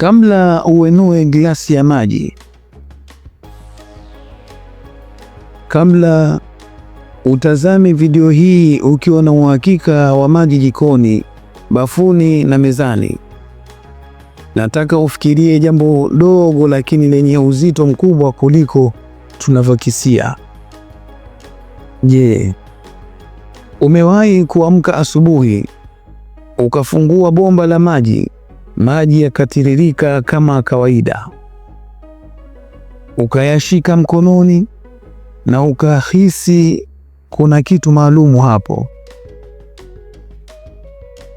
Kabla uenue glasi ya maji, kabla utazame video hii ukiwa na uhakika wa maji jikoni, bafuni na mezani, nataka ufikirie jambo dogo lakini lenye uzito mkubwa kuliko tunavyokisia. Je, umewahi kuamka asubuhi ukafungua bomba la maji maji yakatiririka kama kawaida. Ukayashika mkononi na ukahisi kuna kitu maalumu hapo,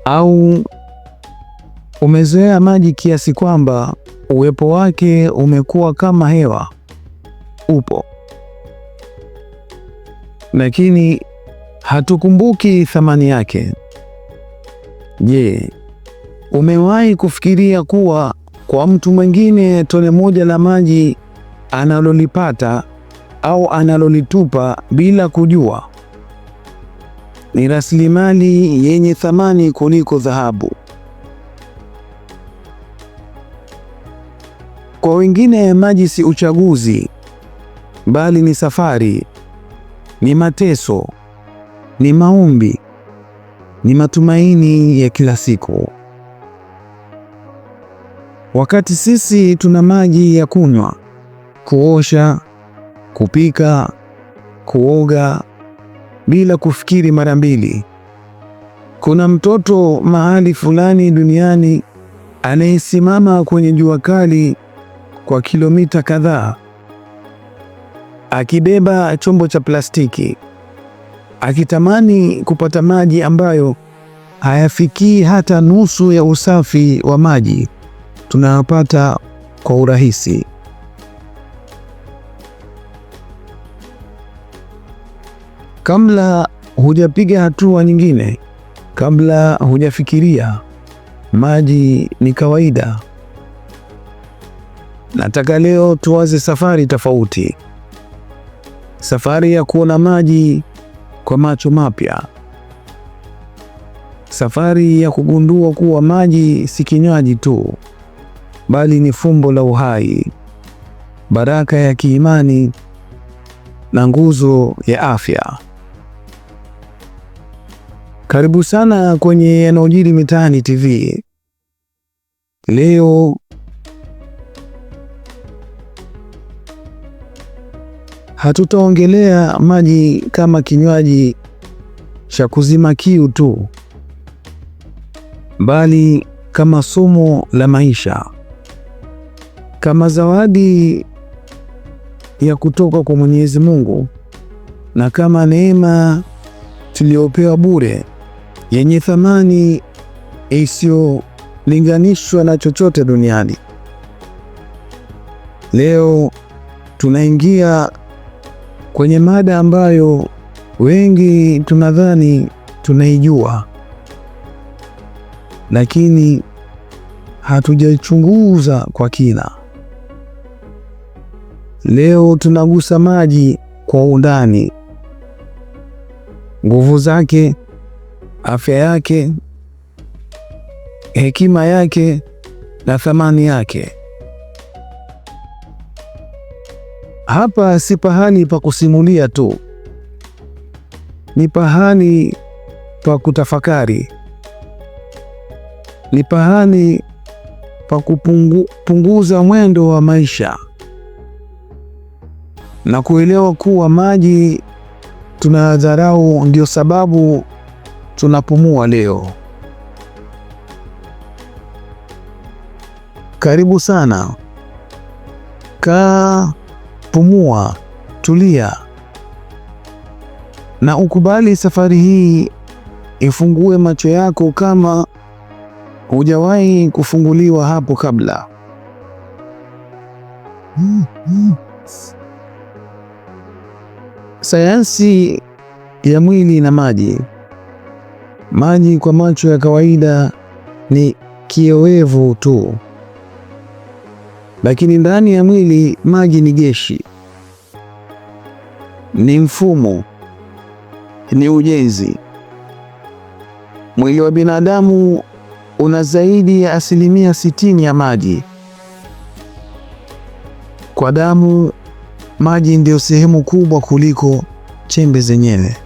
au umezoea maji kiasi kwamba uwepo wake umekuwa kama hewa, upo lakini hatukumbuki thamani yake. Je, Umewahi kufikiria kuwa kwa mtu mwingine tone moja la maji analolipata au analolitupa bila kujua ni rasilimali yenye thamani kuliko dhahabu? Kwa wengine maji si uchaguzi, bali ni safari, ni mateso, ni maombi, ni matumaini ya kila siku wakati sisi tuna maji ya kunywa, kuosha, kupika, kuoga bila kufikiri mara mbili. Kuna mtoto mahali fulani duniani anayesimama kwenye jua kali kwa kilomita kadhaa akibeba chombo cha plastiki akitamani kupata maji ambayo hayafikii hata nusu ya usafi wa maji tunayapata kwa urahisi. Kabla hujapiga hatua nyingine, kabla hujafikiria, maji ni kawaida. Nataka leo tuwaze safari tofauti, safari ya kuona maji kwa macho mapya, safari ya kugundua kuwa maji si kinywaji tu, bali ni fumbo la uhai, baraka ya kiimani na nguzo ya afya. Karibu sana kwenye yanayojiri mitaani TV. Leo hatutaongelea maji kama kinywaji cha kuzima kiu tu, bali kama somo la maisha kama zawadi ya kutoka kwa Mwenyezi Mungu na kama neema tuliyopewa bure yenye thamani isiyolinganishwa na chochote duniani. Leo tunaingia kwenye mada ambayo wengi tunadhani tunaijua, lakini hatujaichunguza kwa kina. Leo tunagusa maji kwa undani, nguvu zake, afya yake, hekima yake na thamani yake. Hapa si pahali pa kusimulia tu, ni pahali pa kutafakari, ni pahali pa kupunguza mwendo wa maisha na kuelewa kuwa maji tunayadharau ndio sababu tunapumua leo. Karibu sana. Kaa, pumua, tulia na ukubali safari hii. Ifungue macho yako kama hujawahi kufunguliwa hapo kabla. hmm, hmm. Sayansi ya mwili na maji. Maji kwa macho ya kawaida ni kiowevu tu, lakini ndani ya mwili maji ni geshi ni mfumo, ni ujenzi. Mwili wa binadamu una zaidi ya asilimia sitini ya maji. Kwa damu maji ndiyo sehemu kubwa kuliko chembe zenyewe.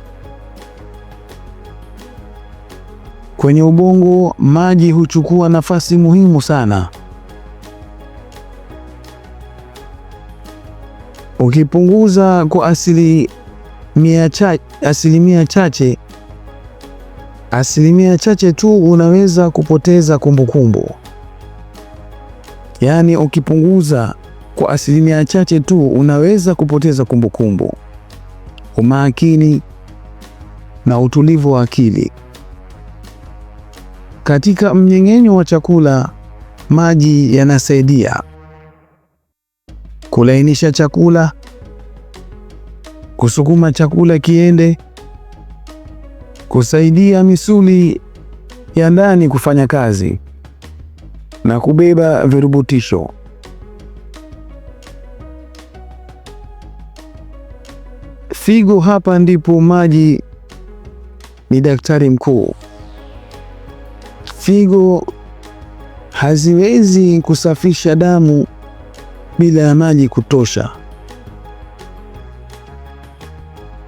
Kwenye ubongo, maji huchukua nafasi muhimu sana. Ukipunguza kwa asilimia chache, asilimia chache asilimia chache tu unaweza kupoteza kumbukumbu kumbu. Yaani ukipunguza kwa asilimia chache tu unaweza kupoteza kumbukumbu, umakini na utulivu wa akili. Katika mnyengenyo wa chakula, maji yanasaidia kulainisha chakula, kusukuma chakula kiende, kusaidia misuli ya ndani kufanya kazi na kubeba virubutisho. Figo hapa ndipo maji ni daktari mkuu. Figo haziwezi kusafisha damu bila ya maji kutosha.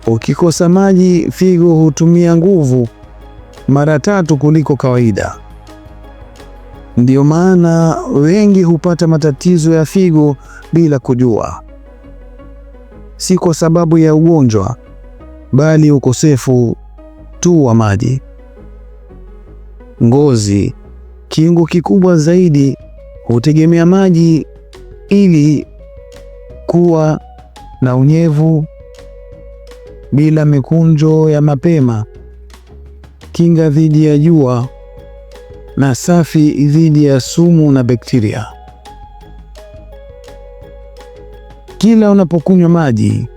Ukikosa maji, figo hutumia nguvu mara tatu kuliko kawaida. Ndiyo maana wengi hupata matatizo ya figo bila kujua si kwa sababu ya ugonjwa, bali ukosefu tu wa maji. Ngozi, kiungo kikubwa zaidi, hutegemea maji ili kuwa na unyevu. Bila mikunjo ya mapema, kinga dhidi ya jua na safi dhidi ya sumu na bakteria. Kila unapokunywa maji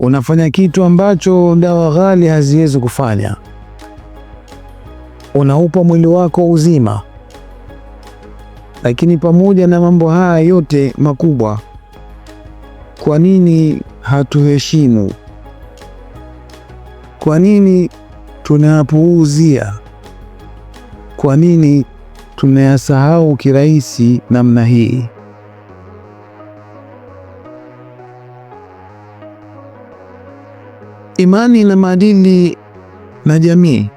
unafanya kitu ambacho dawa ghali haziwezi kufanya. Unaupa mwili wako uzima. Lakini pamoja na mambo haya yote makubwa, kwa nini hatuheshimu? Kwa nini tunayapuuzia? Kwa nini tunayasahau kirahisi namna hii? imani na maadili na jamii.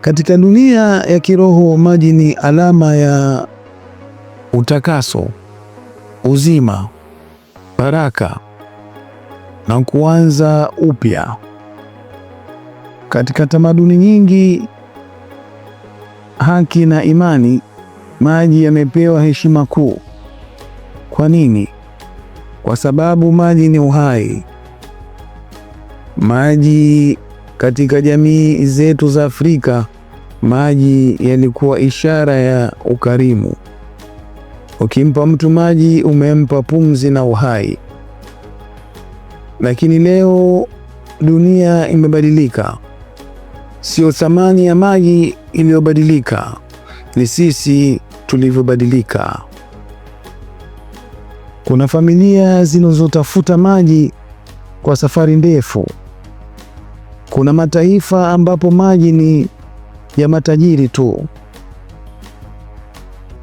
Katika dunia ya kiroho, maji ni alama ya utakaso, uzima, baraka na kuanza upya. Katika tamaduni nyingi, haki na imani, maji yamepewa heshima kuu. Kwa nini? kwa sababu maji ni uhai. Maji katika jamii zetu za Afrika, maji yalikuwa ishara ya ukarimu. Ukimpa mtu maji, umempa pumzi na uhai. Lakini leo dunia imebadilika, sio thamani ya maji iliyobadilika, ni sisi tulivyobadilika. Kuna familia zinazotafuta maji kwa safari ndefu. Kuna mataifa ambapo maji ni ya matajiri tu.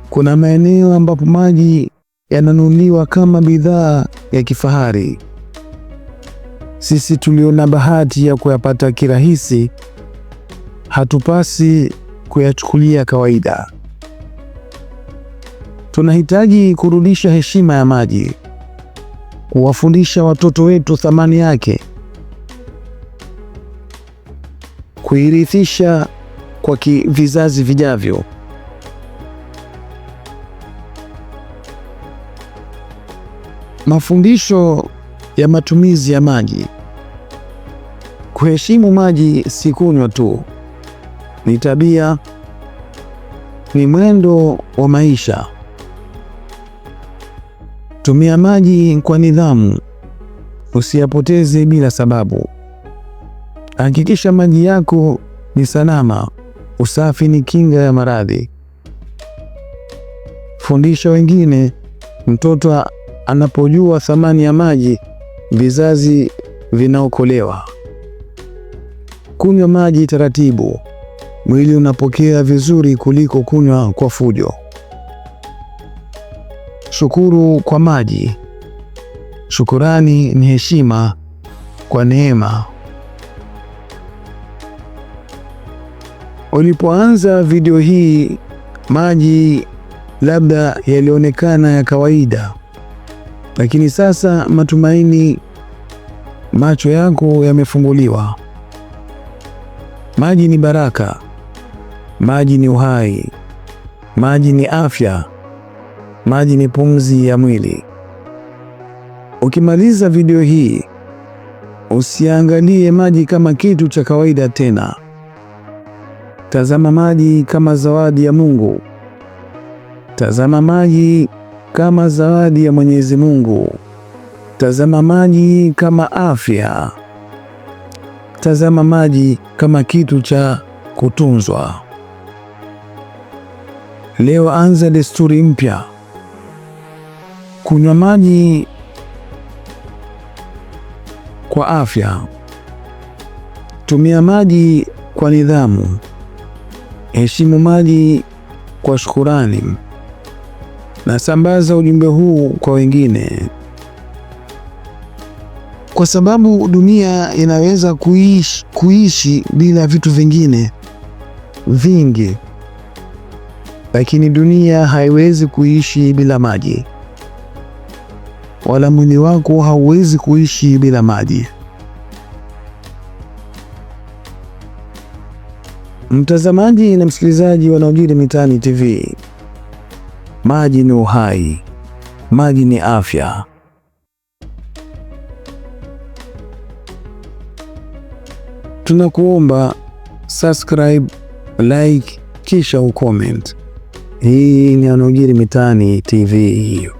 Kuna maeneo ambapo maji yananunuliwa kama bidhaa ya kifahari. Sisi tuliona bahati ya kuyapata kirahisi, hatupasi kuyachukulia kawaida. Tunahitaji kurudisha heshima ya maji, kuwafundisha watoto wetu thamani yake, kuirithisha kwa vizazi vijavyo. Mafundisho ya matumizi ya maji. Kuheshimu maji si kunywa tu, ni tabia, ni mwendo wa maisha. Tumia maji kwa nidhamu, usiyapoteze bila sababu. Hakikisha maji yako ni salama. Usafi ni kinga ya maradhi. Fundisha wengine. Mtoto anapojua thamani ya maji, vizazi vinaokolewa. Kunywa maji taratibu, mwili unapokea vizuri kuliko kunywa kwa fujo. Shukuru kwa maji. Shukurani ni heshima kwa neema. Ulipoanza video hii, maji labda yalionekana ya kawaida, lakini sasa matumaini, macho yako yamefunguliwa. Maji ni baraka, maji ni uhai, maji ni afya maji ni pumzi ya mwili. Ukimaliza video hii, usiangalie maji kama kitu cha kawaida tena. Tazama maji kama zawadi ya Mungu. Tazama maji kama zawadi ya Mwenyezi Mungu. Tazama maji kama afya. Tazama maji kama kitu cha kutunzwa. Leo anza desturi mpya. Kunywa maji kwa afya. Tumia maji kwa nidhamu. Heshimu maji kwa shukurani, na sambaza ujumbe huu kwa wengine, kwa sababu dunia inaweza kuishi, kuishi bila vitu vingine vingi, lakini dunia haiwezi kuishi bila maji wala mwili wako hauwezi kuishi bila maji. Mtazamaji na msikilizaji yanayojiri mitaani TV, maji ni uhai, maji ni afya. Tunakuomba subscribe, like kisha ucomment. Hii ni yanayojiri mitaani TV hiyo.